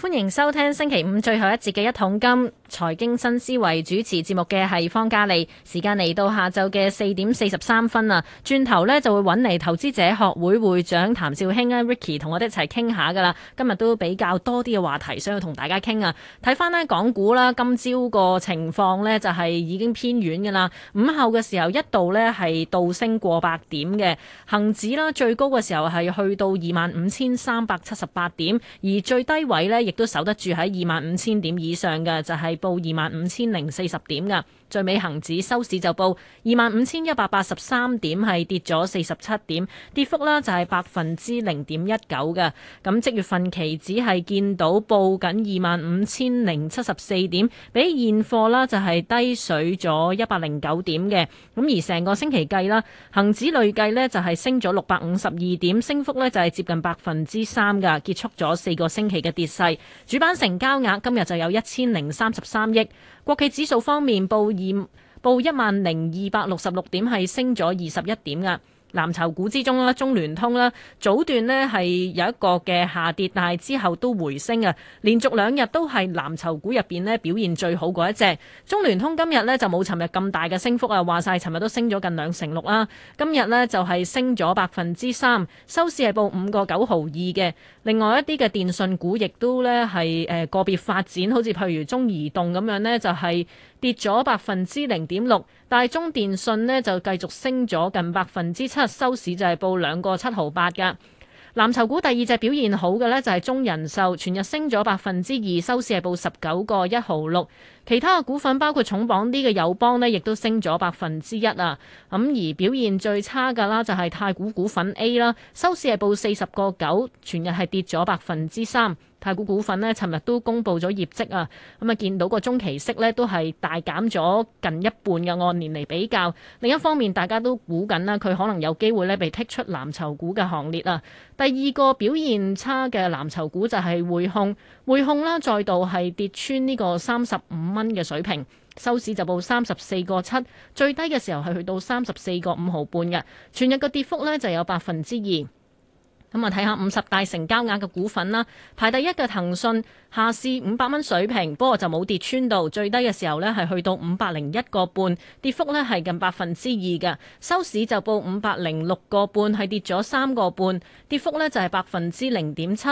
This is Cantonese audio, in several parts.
歡迎收聽星期五最後一節嘅一桶金。財經新思維主持節目嘅係方嘉莉，時間嚟到下晝嘅四點四十三分啊，轉頭呢就會揾嚟投資者學會會長譚紹興咧，Ricky 同我哋一齊傾下噶啦。今日都比較多啲嘅話題想要同大家傾啊。睇翻，呢港股啦，今朝個情況呢就係已經偏軟噶啦。午後嘅時候一度呢係倒升過百點嘅，恒指啦最高嘅時候係去到二萬五千三百七十八點，而最低位呢亦都守得住喺二萬五千點以上嘅，就係、是。報二萬五千零四十點嘅。最尾恒指收市就報二萬五千一百八十三點，係跌咗四十七點，跌幅呢就係百分之零點一九嘅。咁即月份期指係見到報緊二萬五千零七十四點，比現貨啦就係低水咗一百零九點嘅。咁而成個星期計啦，恒指累計呢就係升咗六百五十二點，升幅呢就係接近百分之三嘅，結束咗四個星期嘅跌勢。主板成交額今日就有一千零三十三億。國企指數方面報。二報一萬零二百六十六點，係升咗二十一點噶藍籌股之中啦，中聯通啦，早段呢係有一個嘅下跌，但係之後都回升啊，連續兩日都係藍籌股入邊呢表現最好嗰一隻。中聯通今日呢就冇尋日咁大嘅升幅啊，話晒尋日都升咗近兩成六啦，今日呢就係升咗百分之三，收市係報五個九毫二嘅。另外一啲嘅電信股亦都呢係誒個別發展，好似譬如中移動咁樣呢就係、是。跌咗百分之零點六，大中電訊呢就繼續升咗近百分之七，收市就係報兩個七毫八㗎。藍籌股第二隻表現好嘅呢，就係中人壽，全日升咗百分之二，收市係報十九個一毫六。其他嘅股份包括重磅啲嘅友邦呢，亦都升咗百分之一啊。咁而表現最差㗎啦就係太古股份 A 啦，收市係報四十個九，全日係跌咗百分之三。太古股份呢，尋日都公布咗業績啊，咁啊見到個中期息呢，都係大減咗近一半嘅按年嚟比較。另一方面，大家都估緊啦，佢可能有機會呢，被剔出藍籌股嘅行列啊。第二個表現差嘅藍籌股就係匯控，匯控啦再度係跌穿呢個三十五蚊嘅水平，收市就報三十四個七，最低嘅時候係去到三十四個五毫半嘅，全日嘅跌幅呢，就有百分之二。咁啊，睇下五十大成交額嘅股份啦，排第一嘅騰訊，下市五百蚊水平，不過就冇跌穿到，最低嘅時候呢，係去到五百零一個半，跌幅呢係近百分之二嘅，收市就報五百零六個半，係跌咗三個半，跌幅呢就係百分之零點七。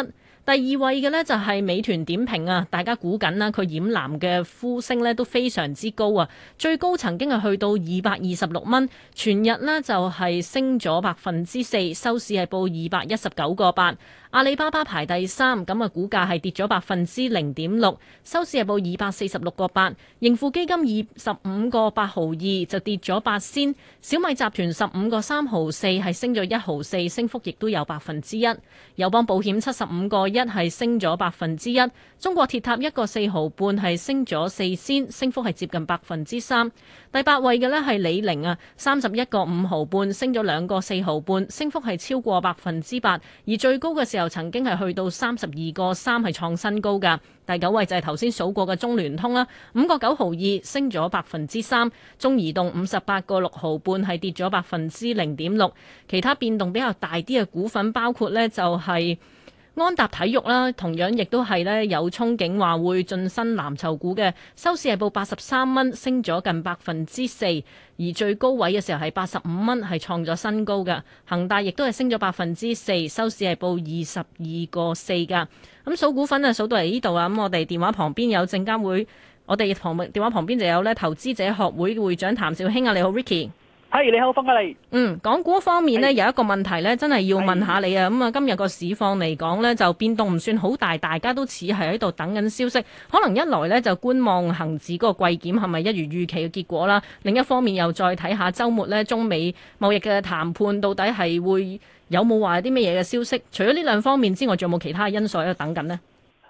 第二位嘅呢就係美團點評啊，大家估緊啦，佢染藍嘅呼聲呢都非常之高啊，最高曾經係去到二百二十六蚊，全日呢就係升咗百分之四，收市係報二百一十九個八。阿里巴巴排第三，咁啊，股價係跌咗百分之零點六，收市係報二百四十六個八，盈富基金二十五個八毫二就跌咗八仙，小米集團十五個三毫四係升咗一毫四，升幅亦都有百分之一，友邦保險七十五個一係升咗百分之一，中國鐵塔一個四毫半係升咗四仙，升幅係接近百分之三。第八位嘅呢係李寧啊，三十一個五毫半升咗兩個四毫半，升幅係超過百分之八，而最高嘅時候。曾經係去到三十二個三係創新高㗎，第九位就係頭先數過嘅中聯通啦，五個九毫二升咗百分之三，中移動五十八個六毫半係跌咗百分之零點六，其他變動比較大啲嘅股份包括呢就係、是。安踏體育啦，同樣亦都係咧有憧憬話會晉身藍籌股嘅，收市係報八十三蚊，升咗近百分之四，而最高位嘅時候係八十五蚊，係創咗新高嘅。恒大亦都係升咗百分之四，收市係報二十二個四噶。咁數股份啊，數到嚟呢度啊，咁我哋電話旁邊有證監會，我哋旁電話旁邊就有咧投資者學會會長譚紹興啊，你好，Ricky。係、hey, 你好，方嘉利。嗯，港股方面呢，Hey. 有一個問題呢，真係要問下你啊。咁、嗯、啊，今日個市況嚟講呢，就變動唔算好大，大家都似係喺度等緊消息。可能一來呢，就觀望恒指嗰個季檢係咪一如預期嘅結果啦。另一方面又再睇下周末呢中美貿易嘅談判到底係會有冇話啲咩嘢嘅消息。除咗呢兩方面之外，仲有冇其他因素喺度等緊呢？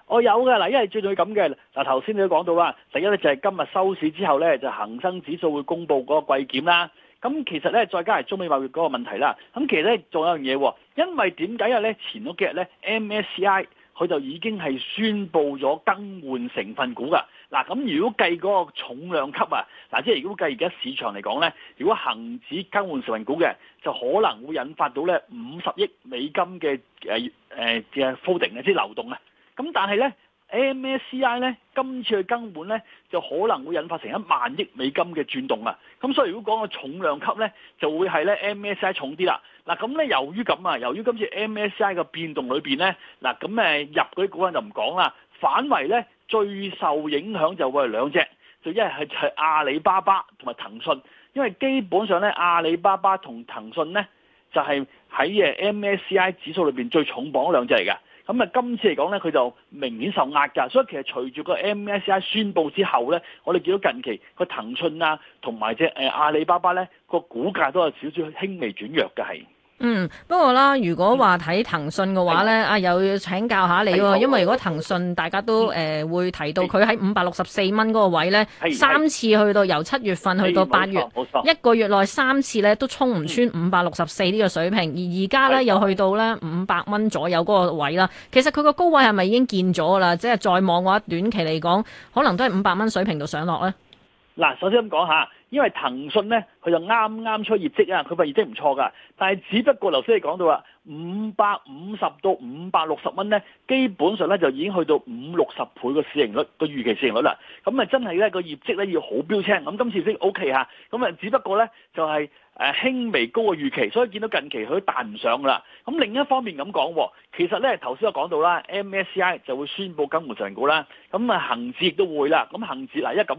我有嘅嗱，一係最最咁嘅嗱，頭先你都講到啦，第一呢，就係、是、今日收市之後呢，就恒生指數會公布嗰個季檢啦。咁其實咧，再加埋中美貿易嗰個問題啦。咁其實咧，仲有樣嘢，因為點解啊？咧前幾日咧，MSCI 佢就已經係宣布咗更換成分股㗎。嗱，咁如果計嗰個重量級啊，嗱，即係如果計而家市場嚟講咧，如果恒指更換成分股嘅，就可能會引發到咧五十億美金嘅誒誒嘅 floating 啊，呃、ing, 即係流動啊。咁但係咧。MSCI 咧今次嘅根本咧，就可能會引發成一萬億美金嘅轉動啊！咁所以如果講個重量級咧，就會係咧 MSCI 重啲啦。嗱咁咧，由於咁啊，由於今次 MSCI 嘅變動裏面咧，嗱咁入嗰啲股份就唔講啦。反為咧最受影響就會係兩隻，就一係阿里巴巴同埋騰訊，因為基本上咧阿里巴巴同騰訊咧就係、是、喺誒 MSCI 指數裏面最重磅兩隻嚟嘅。咁啊，今次嚟講咧，佢就明顯受壓㗎，所以其實隨住個 MSCI 宣佈之後咧，我哋見到近期個騰訊啊，同埋隻誒阿里巴巴咧，個股價都有少少輕微轉弱嘅係。嗯，不過啦，如果話睇騰訊嘅話呢，是啊又要請教下你喎，是因為如果騰訊大家都誒是、呃、會提到佢喺五百六十四蚊嗰個位呢，三是次去到由七月份去到八月，一個月內三次呢都衝唔穿五百六十四呢個水平，而而家呢是又去到呢五百蚊左右嗰個位啦。其實佢個高位係咪已經見咗啦？即係再望嘅話，短期嚟講可能都係五百蚊水平度上落呢。嗱，首先咁講下。因為騰訊呢，佢就啱啱出業績啊，佢個業績唔錯噶，但係只不過頭先你講到啦，五百五十到五百六十蚊呢，基本上呢就已經去到五六十倍個市盈率個預期市盈率啦。咁咪真係呢個業績呢要好標青，咁今次先 O K 嚇。咁啊，只不過呢就係誒輕微高嘅預期，所以見到近期佢彈唔上啦。咁另一方面咁講喎，其實呢頭先我講到啦，MSCI 就會宣布更換成份股啦，咁啊恒指亦都會啦。咁恒指啊，一咁，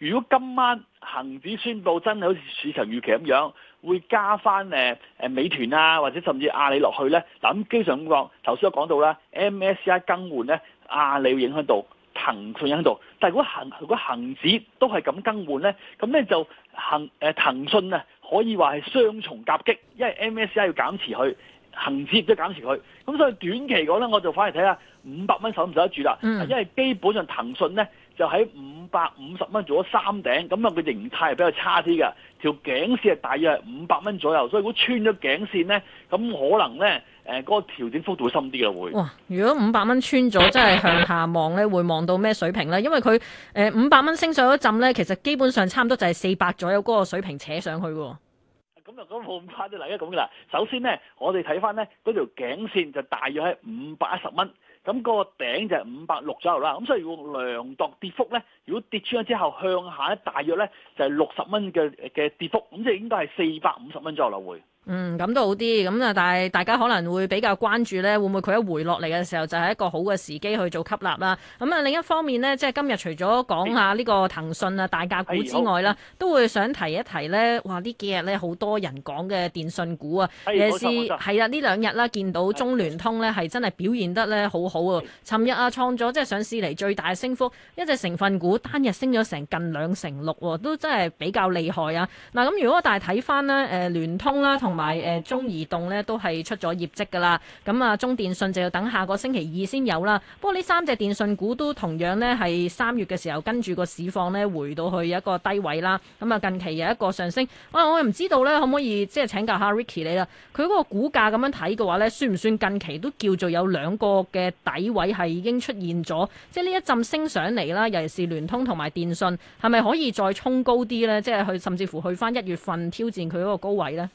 如果今晚恒指宣布真係好似市場預期咁樣，會加翻誒誒美團啊，或者甚至阿里落去咧。嗱，咁基本上咁講，頭先我講到啦，MSCI 更換咧，阿里會影響到騰訊，影響到。但係如果行如果恆指都係咁更換咧，咁咧就騰誒、呃、騰訊啊，可以話係雙重夾擊，因為 MSCI 要減持佢，恒指亦都減持佢。咁所以短期講咧，我就反而睇下五百蚊守唔守得住啦。嗯、因為基本上騰訊咧。就喺五百五十蚊做咗三頂，咁啊個形態係比較差啲嘅，條頸線係大約係五百蚊左右，所以如果穿咗頸線咧，咁可能咧誒嗰個調整幅度會深啲嘅會。哇！如果五百蚊穿咗，真係向下望咧，會望到咩水平咧？因為佢誒五百蚊升上咗一陣咧，其實基本上差唔多就係四百左右嗰個水平扯上去喎。咁啊，咁冇咁快啫，嗱，一咁嘅啦。首先咧，我哋睇翻咧嗰條頸線就大約喺五百一十蚊。咁個頂就係五百六左右啦，咁所以要量度跌幅咧，如果跌穿咗之後向下咧，大約咧就係六十蚊嘅嘅跌幅，咁即係應該係四百五十蚊左右啦會。嗯，咁都好啲，咁啊，但係大家可能會比較關注呢會唔會佢一回落嚟嘅時候就係一個好嘅時機去做吸納啦？咁、嗯、啊，另一方面呢，即係今日除咗講下呢個騰訊啊大價股之外啦，都會想提一提呢。哇！呢幾日呢，好多人講嘅電信股啊，尤其是係啊，呢錯兩日啦，見到中聯通呢係真係表現得呢好好喎。是尋日啊，創咗即係上市嚟最大升幅，一隻成分股單日升咗成近兩成六喎，都真係比較厲害啊！嗱，咁如果大家睇翻呢，聯通啦同。同埋，誒，中移動咧都係出咗業績噶啦。咁啊，中電信就要等下個星期二先有啦。不過呢三隻電信股都同樣呢，係三月嘅時候跟住個市況呢，回到去一個低位啦。咁啊，近期有一個上升，啊、我我又唔知道呢，可唔可以即係、就是、請教下 Ricky 你啦？佢嗰個股價咁樣睇嘅話呢，算唔算近期都叫做有兩個嘅底位係已經出現咗？即係呢一陣升上嚟啦，尤其是聯通同埋電信，係咪可以再衝高啲呢？即係去甚至乎去返一月份挑戰佢嗰個高位呢？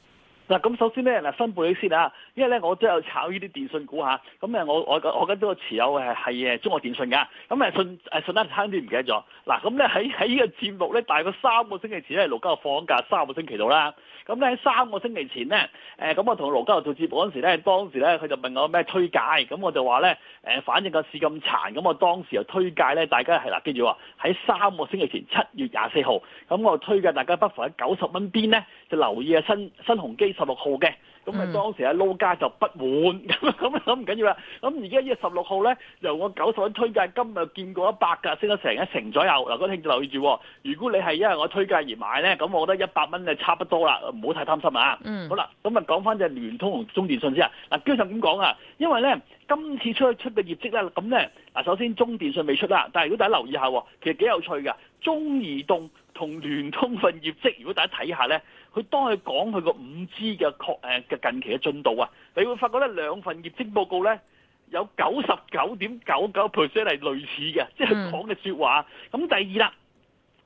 嗱咁首先咧，嗱分佈你先啊，因為咧我都有炒呢啲電信股嚇，咁誒我我我而家都係持有誒係誒中國電信噶，咁誒信誒信得差啲唔記得咗。嗱咁咧喺喺呢個節目咧，大概三個星期前咧，盧家鴨放假三個星期度啦。咁咧喺三個星期前咧，誒咁我同盧家鴨做節目嗰陣時咧，當時咧佢就問我咩推介，咁我就話咧誒，反正個市咁殘，咁我當時就推介咧，大家係啦，跟住話喺三個星期前七月廿四號，咁我推介大家不妨喺九十蚊邊咧，就留意下新新鴻基。十六、嗯嗯嗯、號嘅，咁咪當時喺撈街就不滿，咁咁諗唔緊要啦。咁而家呢個十六號咧，由我九十蚊推介，今日見過一百噶，升咗成一成左右。嗱，各位聽眾留意住，如果你係因為我推介而買咧，咁我覺得一百蚊就差不多啦，唔好太貪心啊。嗯。好啦，咁啊講翻隻聯通同中電信先啊。嗱，跟住就咁講啊？因為咧，今次出去出嘅業績咧，咁咧，嗱首先中電信未出啦，但係如果大家留意下，其實幾有趣噶。中移動同聯通份業績，如果大家睇下咧。佢當佢講佢個五 G 嘅確誒嘅近期嘅進度啊，你會發覺咧兩份業績報告咧有九十九點九九 percent 係類似嘅，即、就、係、是、講嘅説話。咁、嗯、第二啦，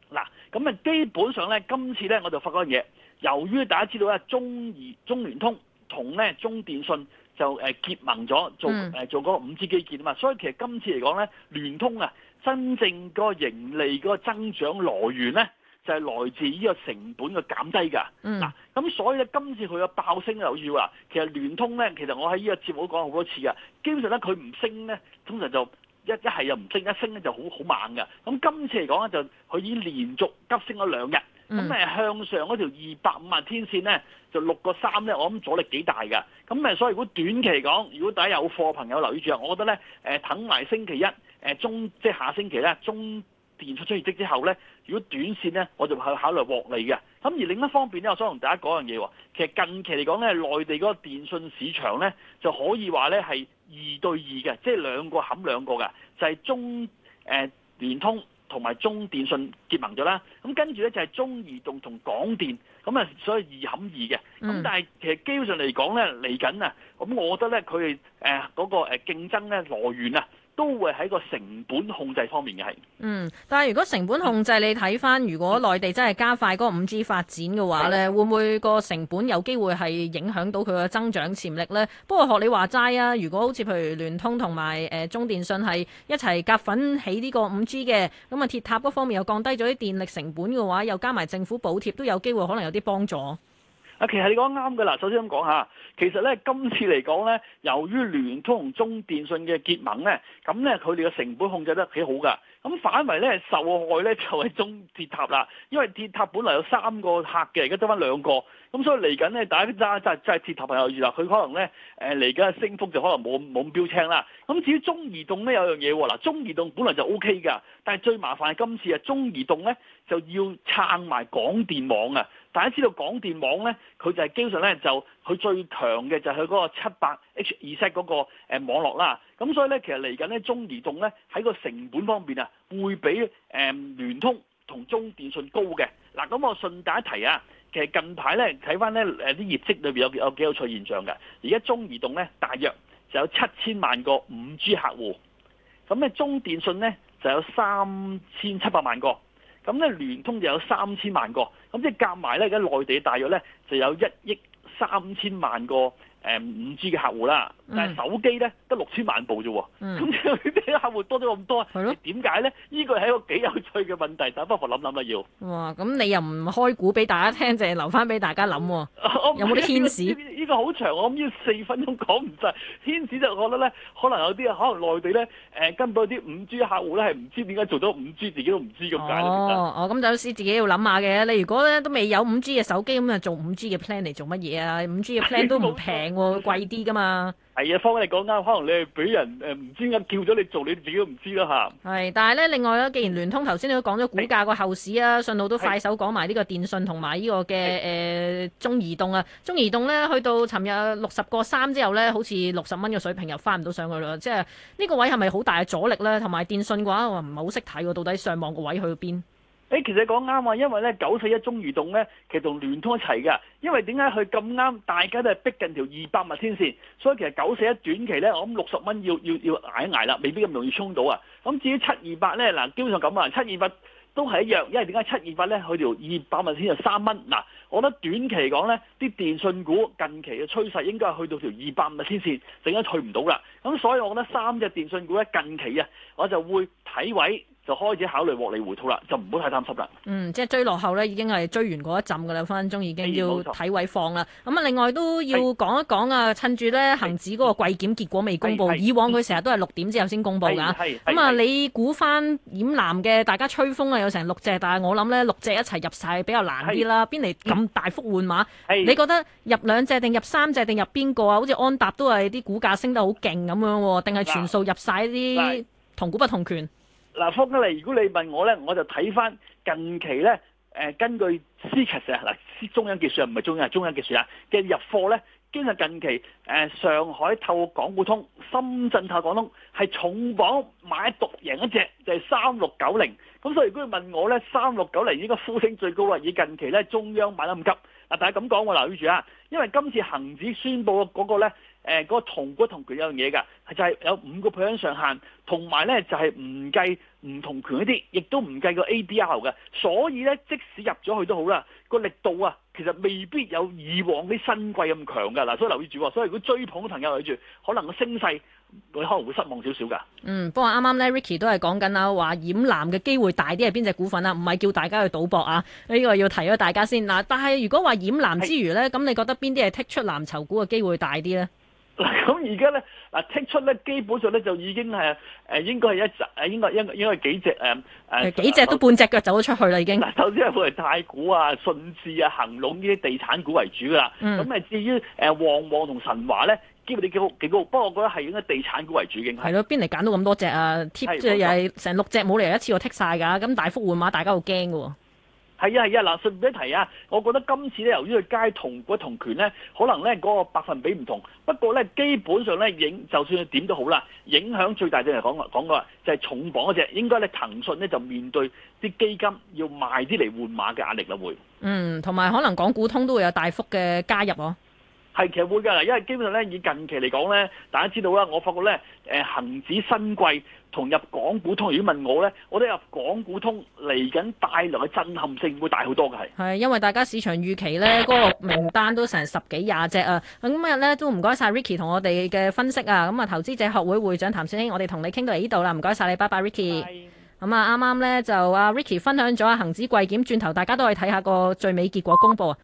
嗱咁啊基本上咧，今次咧我就發覺嗰樣嘢。由於大家知道咧，中移中聯通同咧中電信就誒結盟咗做誒做嗰個五 G 基建啊嘛，嗯、所以其實今次嚟講咧，聯通啊真正個盈利嗰個增長來源咧。就係來自呢個成本嘅減低㗎，嗱咁、嗯啊、所以咧今次佢嘅爆升又要啊，其實聯通咧，其實我喺呢個節目都講好多次㗎。基本上咧佢唔升咧，通常就一一係又唔升，一升咧就好好猛㗎。咁今次嚟講咧就佢已經連續急升咗兩日，咁向上嗰條二百五十天線咧就六個三咧，我諗阻力幾大㗎。咁所以如果短期嚟講，如果大家有貨朋友留意住啊，我覺得咧等埋星期一誒中即係下星期咧中。電出出業績之後呢，如果短線呢，我就去考慮獲利嘅。咁而另一方面呢，我想同大家講樣嘢，其實近期嚟講呢，內地嗰個電信市場呢，就可以話呢係二對二嘅，即、就、係、是、兩個冚兩個嘅，就係、是、中誒聯、呃、通同埋中電信結盟咗啦。咁跟住呢，就係、是、中移動同廣電，咁啊所以是二冚二嘅。咁、嗯、但係其實基本上嚟講呢，嚟緊啊，咁我覺得呢，佢哋嗰個誒競爭呢來源啊。都會喺個成本控制方面嘅係，嗯，但係如果成本控制，你睇翻如果內地真係加快嗰個五 G 發展嘅話呢、嗯、會唔會個成本有機會係影響到佢嘅增長潛力呢？不過學你話齋啊，如果好似譬如聯通同埋誒中電信係一齊夾份起呢個五 G 嘅，咁啊鐵塔嗰方面又降低咗啲電力成本嘅話，又加埋政府補貼，都有機會可能有啲幫助。啊，其實你講得啱嘅啦。首先咁講下，其實咧今次嚟講咧，由於聯通同中電信嘅結盟咧，咁咧佢哋嘅成本控制得幾好㗎。咁反而咧，受害咧就係中鐵塔啦，因為鐵塔本來有三個客嘅，而家得翻兩個，咁所以嚟緊咧，大家真真真係鐵塔朋友預留，佢可能咧誒嚟緊升幅就可能冇冇咁標青啦。咁至於中移動咧，有樣嘢喎，嗱，中移動本來就 O K 㗎，但係最麻煩係今次啊，中移動咧就要撐埋廣電網啊！大家知道廣電網咧，佢就係基本上咧就佢最強嘅就係佢嗰個七百 H 二 s 嗰個網網絡啦。咁所以咧，其實嚟緊咧，中移動咧喺個成本方面啊，會比誒、嗯、聯通同中電信高嘅。嗱、啊，咁我順帶一提啊，其實近排咧睇翻咧誒啲業績裏邊有有，有幾個有趣的現象嘅。而家中移動咧大約就有七千萬個五 G 客戶，咁咧中電信咧就有三千七百萬個，咁咧聯通就有三千萬個，咁即係夾埋咧而家內地大約咧就有一億三千萬個。誒五、呃、G 嘅客戶啦，但係手機咧得六千萬部啫，咁點解客戶多咗咁多？係咯的，點解咧？呢個係一個幾有趣嘅問題，大家不妨諗諗啦，要哇，咁你又唔開估俾大家聽，淨係留翻俾大家諗，哦，嗯、 有冇啲天使？ 好長，我諗要四分鐘講唔晒。天使就覺得咧，可能有啲可能內地咧，誒根本有啲五 G 客戶咧係唔知點解做咗五 G，自己都唔知咁解哦，實哦，咁有時自己要諗下嘅。你如果咧都未有五 G 嘅手機，咁啊做五 G 嘅 plan 嚟做乜嘢啊？五 G 嘅 plan 都唔平喎， 哦、貴啲噶嘛。係啊，方你講啱，可能你俾人誒唔知點解叫咗你做，你自己都唔知啦吓。係，但係咧，另外咧，既然聯通頭先都講咗股價個後市啊，順路的都快手講埋呢個電信同埋呢個嘅誒中移動啊。中移動咧去到尋日六十個三之後咧，好似六十蚊嘅水平又翻唔到上去咯。即係呢個位係咪好大嘅阻力咧？同埋電信嘅話，我唔係好識睇喎，到底上望個位去到邊？誒、欸、其實講啱啊，因為咧，九四一中移動咧，其實同聯通一齊嘅，因為點解佢咁啱大家都係逼近條二百萬天線，所以其實九四一短期咧，我諗六十蚊要要要捱一捱啦，未必咁容易衝到啊。咁、嗯、至於七二八咧，嗱，基本上咁啊，七二八都係一樣，因為點解七二八咧，佢條二百萬天線就三蚊，嗱、嗯、我覺得短期嚟講咧，啲電信股近期嘅趨勢應該係去到條二百萬天線，陣間退唔到啦。咁所以我覺得三隻電信股咧近期啊，我就會睇位。就開始考慮獲利回吐啦，就唔好太貪心啦。嗯，即係追落後呢，已經係追完嗰一陣嘅啦，分分鐘已經要睇位放啦。咁啊，另外都要講一講啊，趁住呢恒指嗰個季檢結果未公布，以往佢成日都係六點之後先公布噶。咁啊，你估翻染藍嘅？大家吹風啊，有成六隻，但係我諗呢六隻一齊入晒比較難啲啦。邊嚟咁大幅換馬？你覺得入兩隻定入三隻定入邊個啊？好似安踏都係啲股價升得好勁咁樣，定係全數入晒啲同股不同權？嗱、啊，方家嚟，如果你問我咧，我就睇翻近期咧、呃，根據 CCT 啊，嗱，中央結算唔係中央，係中央結算啊嘅入貨咧，今日近期、呃、上海透過港股通、深圳透廣通係重磅買獨贏一隻，就係三六九零。咁所以如果你問我咧，三六九零呢個呼聲最高啦，以近期咧中央買得咁急。嗱、啊，大家咁講我留意住啊，因為今次恒指宣布嗰個咧。誒，個同股同權有一樣嘢㗎，就係、是、有五個 percent 上限，同埋咧就係唔計唔同權嗰啲，亦都唔計個 ADR 嘅。所以咧，即使入咗去都好啦，個力度啊，其實未必有以往啲新貴咁強㗎。嗱，所以留意住。所以如果追捧嘅朋友留意住，可能個升勢你可能會失望少少㗎。嗯，不過啱啱咧，Ricky 都係講緊啦，話染藍嘅機會大啲係邊隻股份啊？唔係叫大家去賭博啊。呢、這個要提咗大家先嗱。但係如果話染藍之餘咧，咁是你覺得邊啲係剔出藍籌股嘅機會大啲咧？咁而家咧，嗱剔出咧，基本上咧就已經係，誒應該係一應該應該幾隻，誒應該一應該幾隻誒誒？幾隻都半隻腳走咗出去啦，已經嗱，首先係會係太古啊、順治啊、恆隆呢啲地產股為主噶啦。咁誒，至於誒旺旺同神華咧，基本啲幾好幾高，不過我覺得係應該地產股為主嘅。係咯，邊嚟揀到咁多隻啊？剔即係成六隻，冇理由一次我剔晒㗎，咁大幅換馬，大家好驚嘅喎。係啊係啊嗱，順便一提啊，我覺得今次咧，由於佢街同股同權咧，可能咧嗰個百分比唔同，不過咧基本上咧影就算係點都好啦，影響最大嘅嚟講，講過就係重磅嗰隻，應該咧騰訊咧就面對啲基金要賣啲嚟換馬嘅壓力啦，會嗯，同埋可能港股通都會有大幅嘅加入哦。係其實會㗎啦，因為基本上咧以近期嚟講咧，大家知道啦，我發覺咧，誒恆指新季同入港股通，如果問我咧，我都入港股通嚟緊大量嘅震撼性會大好多嘅係。係，因為大家市場預期咧，嗰個名單都成十幾廿隻啊！今日咧都唔該晒 Ricky 同我哋嘅分析啊！咁啊，投資者學會會長譚紹興，我哋同你傾到嚟呢度啦，唔該晒你，拜拜，Ricky。咁啊 Bye.，啱啱咧就阿 Ricky 分享咗恒指季檢，轉頭大家都去睇下個最尾結果公佈啊！